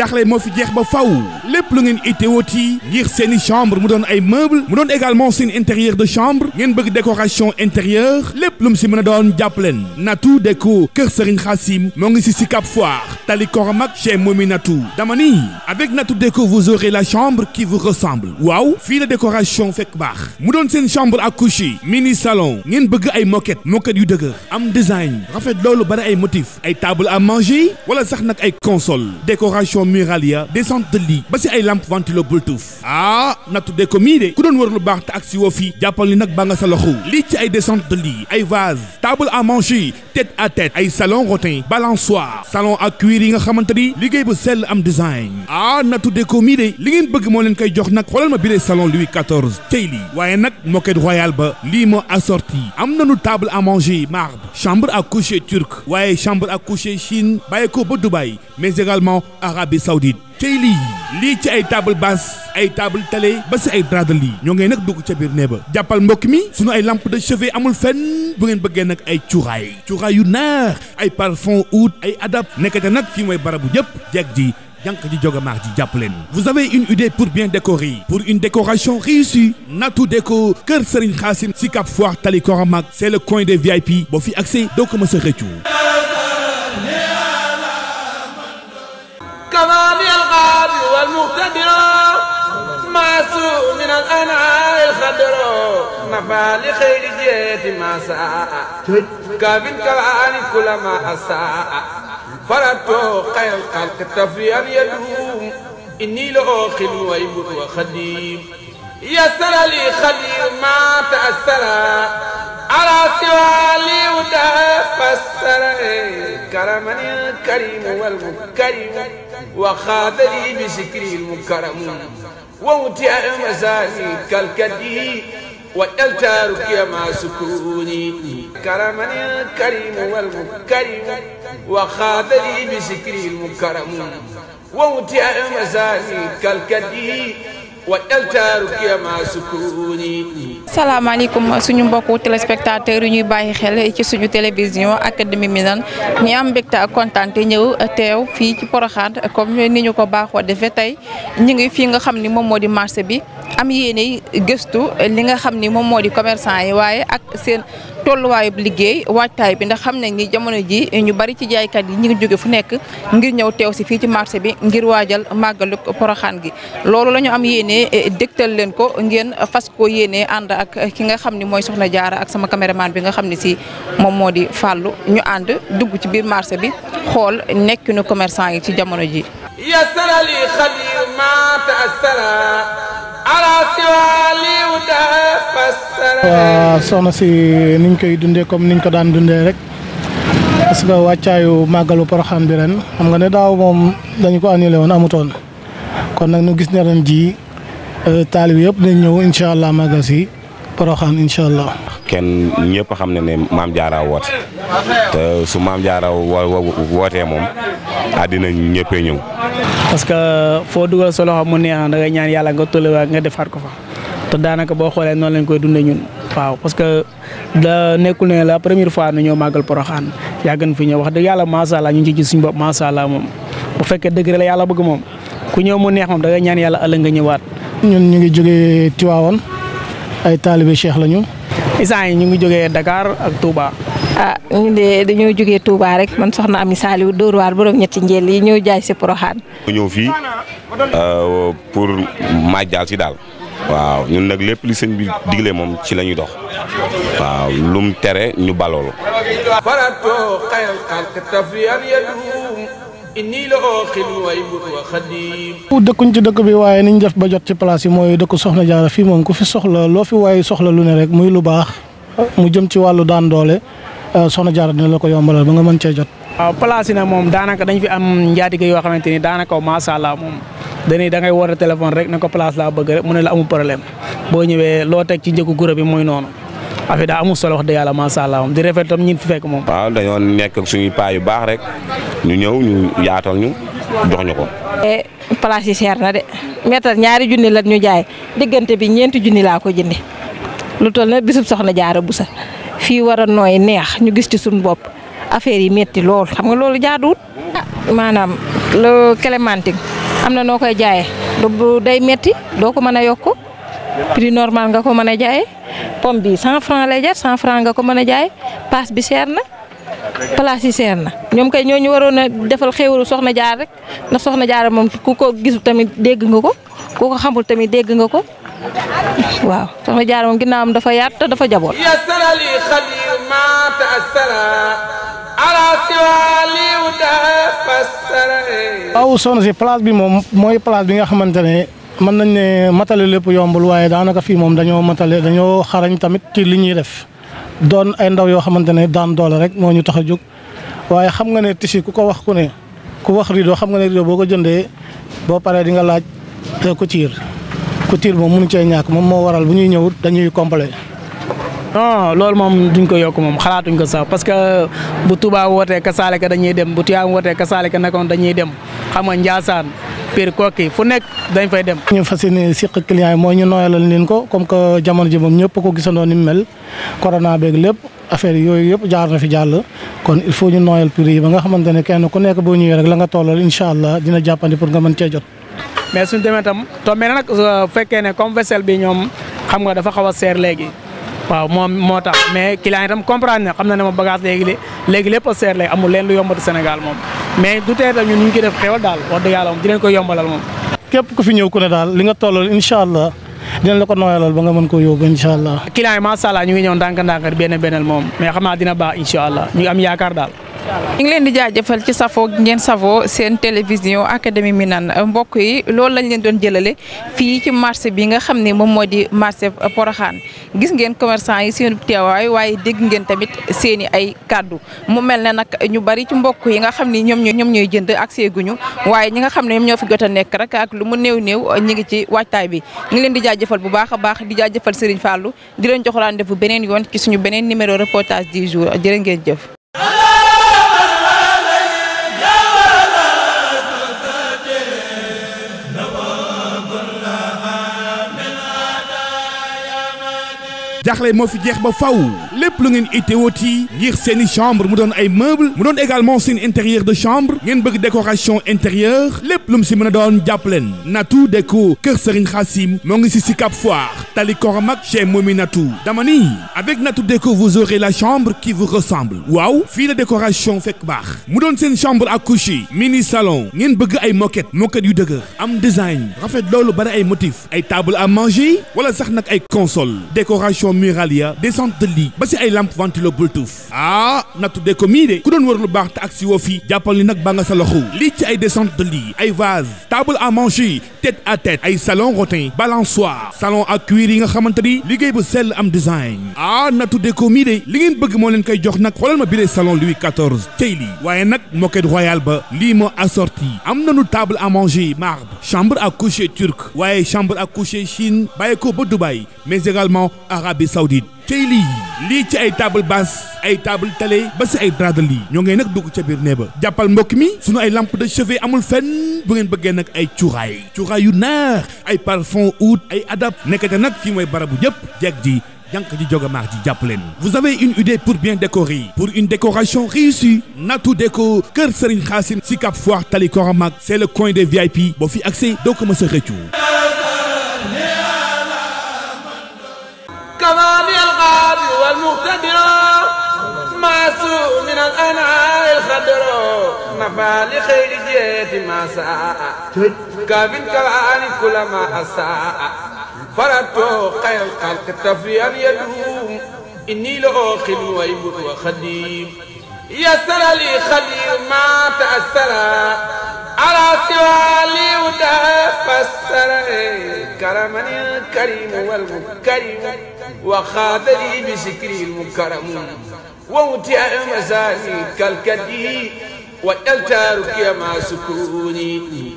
jaaxle moo fi jeex ba faw lépp lu ngeen itéwooti ngir seen i chambre mu doon ay meuble mu doon également seen intérieur de chambre ngeen bëgg décoration intérieure lépp lu mu mën a doon jàppaleen Natou Déco Kër Serigne Khassim moo ngi si Sicap Foire Tali Koramak chez Momi Natou dama ni avec Natou Déco vous aurez la chambre qui vous ressemble waaw fii la décoration fekk baax mu doon seen chambre à coucher mini salon ngeen bëgg ay moquette moquette yu dëgër am design rafet loolu bari ay motif ay table à manger wala sax nag ay console décoration mural ya descente de lit ba si ay lampe ventilo bluetooth ah na tuddee ko mii de ku doon wër lu baax te si woo fii baa nga sa loxo ci ay descente de lit ay vase table à manger tête à tête ay salon rotin balançoire salon à cuir nga xamante ni liggéey bu sell am design ah na tuddee ko mii de li ngeen bëgg moo leen koy jox nag xoolal ma bile salon Louis XIV tey lii waaye nag moquette royale ba lii moo assorti am nañu table à manger marbre chambre à coucher turc saoudite tey lii lii ci ay table basse ay table tale ba si ay drap de ñoo ngay nag dugg ca biir nee ba jàppal mbokk mi sunu ay lampe de chevet amul fenn bu ngeen bëggee nag ay cuuraay cuuraay yu neex ay parfum oud ay adab nekkate nag fii mooy barabu yëpp jeeg ji jànq ji jóg maax ji jàpp leen vous avez une idée pour bien décorer pour une décoration réussie Natou Déco Kër Serigne Khassim Sicap Foire Tali Koromak c'est le coin des VIP boo fi accès doo ko والمهتدر معصوم من الأنعاء الخضر نفع لخير جهة ما ساء كابن كوان كل ما أساء فردت خير الخلق تفريا يدوم إني لأخل ويبد وخديم يسر لي خليل ما تأثر على سوى لي وتفسر كرما يا كريم والمكرم وخاذلي بذكري المكرم وأوتي مساني كالكدي والتارك مع سكوني كرما يا كريم والمكرم وخاذلي بذكري المكرم وأوتي مساني كالكدي salaamaaleykum suñu mbokku téléspectateur yu ñuy bàyyi xel ci suñu télévision académie Minane ñu am mbégte ak kontaan te ñëw teew fii ci Porokhane comme ni ñu ko baaxoo defee tey ñu ngi fii nga xam ni moom moo di marché bi am yéene gëstu li nga xam ni moom moo di commerçant yi waaye ak seen. tolluwaayub liggéey waajtaay bi ndax xam nañ ni jamono ji ñu bari ci jaay jaaykat yi ñu ngi jóge fu nekk ngir ñëw teew si fii ci marché bi ngir waajal màggalu poroxaan gi loolu la ñu am yéene e, dégtal leen ko ngeen fas koo yéene ànd ak ki nga xam ni mooy soxna jaara ak sama caméraman bi nga xam ne si moom moo di fàllu ñu ànd dugg ci biir marché bi xool nekkinu commerçant yi ci jamono ji. waaw soxna si niñ koy dundee comme niñ ko daan dundee rek parce wàccaayu màggalu Poroxaan bi ren xam nga ne daaw moom dañu ko annulé woon amutoon kon nag ñu gis ne ren ji euh, taalib yëpp dañ ñëw incha allah màggal si Poroxaan incha allah. kenn ñëpp xam ne ne maam jaara woote te su maam jaara wootee moom àddina ñëppee ñëw. parce que foo dugal sa loxo mu neex da ngay ñaan yàlla nga tolluwaat nga defaat ko fa te daanaka boo xoolee noonu lañ koy dundee ñun. waaw parce que da nekkul ne la première fois nu ñëw màggal poroxaan yàgg na fi ñëw wax dëgg yàlla macha allah ñu ngi gis suñu bopp macha allah moom bu fekkee la yàlla bëgg moom ku ñëw mu neex moom da ngay ñaan yàlla ëllëg nga ñëwaat. ñun ñu ngi jógee Tiwaawan ay taalibe Cheikh lañu. isaan yi ñu ngi jógee Dakar ak tuuba a ah, ñu de dañoo jógee Touba rek man soxna Ami Saliou Dóor waar borom ñetti njël yi ñëw jaay si Porokhane. ñëw fii euh, pour màjjal si daal. waaw ñu nag lépp li sëñ bi digle moom ci la dox. waaw lum tere ñu baloolu. dëkkuñ ci dëkk bi waaye niñ def ba jot ci place yi mooy dëkk Soxna Jaara fii moom ku fi soxla loo fi waaye soxla lu ne rek muy lu baax mu jëm ci wàllu daan doole euh, Soxna Jaara dina la ko yombalal ba nga mën cee jot. waaw place yi moom daanaka dañ fi am njaatige yoo xamante ni daanaka macha allah moom dañuy da ngay woote téléphone rek ne ko place laa bëgg rek mu ne la amu problème boo ñëwee loo teg ci njëgu gura bi mooy noonu. affaire daa amul solo wax dëgg yàlla macha di rafet tam ñin fi fekk moom. waaw dañoo nekk ak suñuy paa baax rek ñu ñëw ñu yaatal ñu jox ñu ko. Eh, place yi seer na de mètre ñaari junni la ñu jaay diggante bi ñeenti junni laa ko jëndi lu toll na bisu soxna jaara bu sa fi war a nooy neex ñu gis ci suñu bopp affaire yi metti lool xam nga loolu jaaduwut. Ah, maanaam le clémentine am na noo koy jaayee du day metti doo ko mën a yokk prix normal nga ko mën a jaayee pomme bi 100 francs lay jar 100 francs nga ko mën a jaay paas bi seer na place yi seer na ñoom kay ñooñu waroon a defal xéwalu soxna jaar rek ndax soxna jaar moom ku ko gisul tamit dégg nga ko ku ko xamul tamit dégg nga ko a soxna jaar soxna si place bi moom mooy place bi nga xamante mën nañu ne matale lépp yombul waaye daanaka fii moom dañoo matale dañoo xarañ tamit ci li ñuy def doon ay ndaw yoo xamante ne daan doole rek moo ñu tax a jóg waaye xam nga ne tissu ku ko wax ku ne ku wax rideau xam nga ne rideau boo ko jëndee boo paree di nga laaj couture eh, couture moom mënu cee ñàkk moom moo waral bu ñuy ñëw dañuy complet non loolu moom duñ ko yokk moom xalaatuñ ko sax parce que bu Touba wootee Kasaaleka dañuy dem bu Tivaouane wootee ka nekkoon dañuy dem xam nga Njaasaan kook Koki fu nekk dañ fay dem. ñu fas yéene siq client yi mooy ñu nooyalal leen ko comme que jamono ji moom ñëpp ko gisandoo ni mu mel corona beeg lépp affaire yooyu yëpp jaar na fi jàll. kon il faut ñu nooyal prix yi ba nga xamante ne kenn ku nekk boo ñëwee rek la nga tollal incha allah dina jàppandi pour nga mën cee jot. mais suñu demee tam tombé na nag bu fekkee ne comme vaisselle bi ñoom xam nga dafa xaw a seer léegi. waaw moom moo tax mais client itam comprendre na xam na ne ma bagage léegi léegi lépp a seer leen lu yombatu Sénégal mais du tee tam ñun ñu ngi koy def xéwal daal wax dëgg yàlla moom dinañ koy yombalal moom. képp ku fi ñëw ku ne daal li nga tollal incha allah dinañ la ko nooyalal ba nga mën koo yóbbu incha allah. client yi macha allah ñu ngi ñëw ndànk-ndànk benn benn moom mais xam dina baax incha allah ñu ngi am yaakaar daal. ñu ngi leen di jaajëfal ci safoo ngeen safoo seen télévision académie Minane mbokk yi loolu lañ leen doon jëlale fii ci marché bi nga xam ne moom moo di marché Porokhane gis ngeen commerçant yi seen teewaay waaye dégg ngeen tamit seen ay kàddu mu mel ne nag ñu bari ci mbokk yi nga xam ni ñoom ñoo ñoom ñooy jënd ak seeguñu waaye ñi nga xam ne ñoom ñoo fi jot a nekk rek ak lu mu new new ñu ngi ci waajtaay bi ñu ngi leen di jaajëfal bu baax a baax di jaajëfal Serigne Fallou di leen jox rendez-vous beneen yoon ki suñu beneen numéro reportage du jour jërë ngeen jëf jaaxle moo fi jeex ba faw lépp lu ngeen ittewooti ngir seeni chambre mu doon ay meuble mu doon également seen intérieur de chambre ngeen bëgg décoration intérieure lépp lu mu mën a doon jàppaleen Natou Déco Kër Serigne Khassim moo ngi si Sicap Foire Tali Koramak chez Momi Natou dama ni avec Natou Déco vous aurez la chambre qui vous ressemble waaw fii la décoration fekk baax mu doon seen chambre à coucher mini salon ngeen bëgg ay moquette moquette yu dëgër am design rafet loolu bari ay motif ay table à manger wala général ya descente de lit ba si ay lampe ventilo bluetooth ah na tuddee ko mii de ku doon wër lu baax te ak si woo fii baa nga sa loxo lii ci ay descente de lit ay vase table à manger tête à tête ay salon rotin balançoire salon à cuir yi nga xamante ni liggéey bu sell am design ah na tuddee ko mii de li ngeen bëgg moo leen koy jox nag xoolal ma bile salon Louis XIV tey lii waaye nag moquette royale ba lii moo assorti am nañu table à manger marbre chambre à coucher turc waaye chambre à coucher chine bàyyi ko mais également Arabie Saoudite tey lii lii ci ay table basse ay table télé ba si ay drap de ñoo ngeen nag dugg ca biir nee ba jàppal mbokk mi sunu ay lampe de chevet amul fenn bu ngeen bëggee nag ay cuuraay cuuraay yu neex ay parfum oud ay adab nekkate nag fii mooy barabu yëpp jeeg ji jànq ji jóg maar ji jàpp leen vous avez une idée pour bien décorer pour une décoration réussie Natou Déco Kër Serigne Khassim Sicap Foire Tali Koramak c'est le coin des VIP boo fi a rëccu مقتدرا معصوم من الأنعاء الخضر نفى لخير جهة ما ساء كابن كواني كل ما أساء فردت خير الخلق تفريا يدوم إني لأخل ويبد وخديم يسر لي خليل ما تأثر على سوى لي ودا فسر كرمني الكريم والمكرم وخاض لي بذكري المكرم ومتيع مساني كالكدي وجل تاركي مع سكوني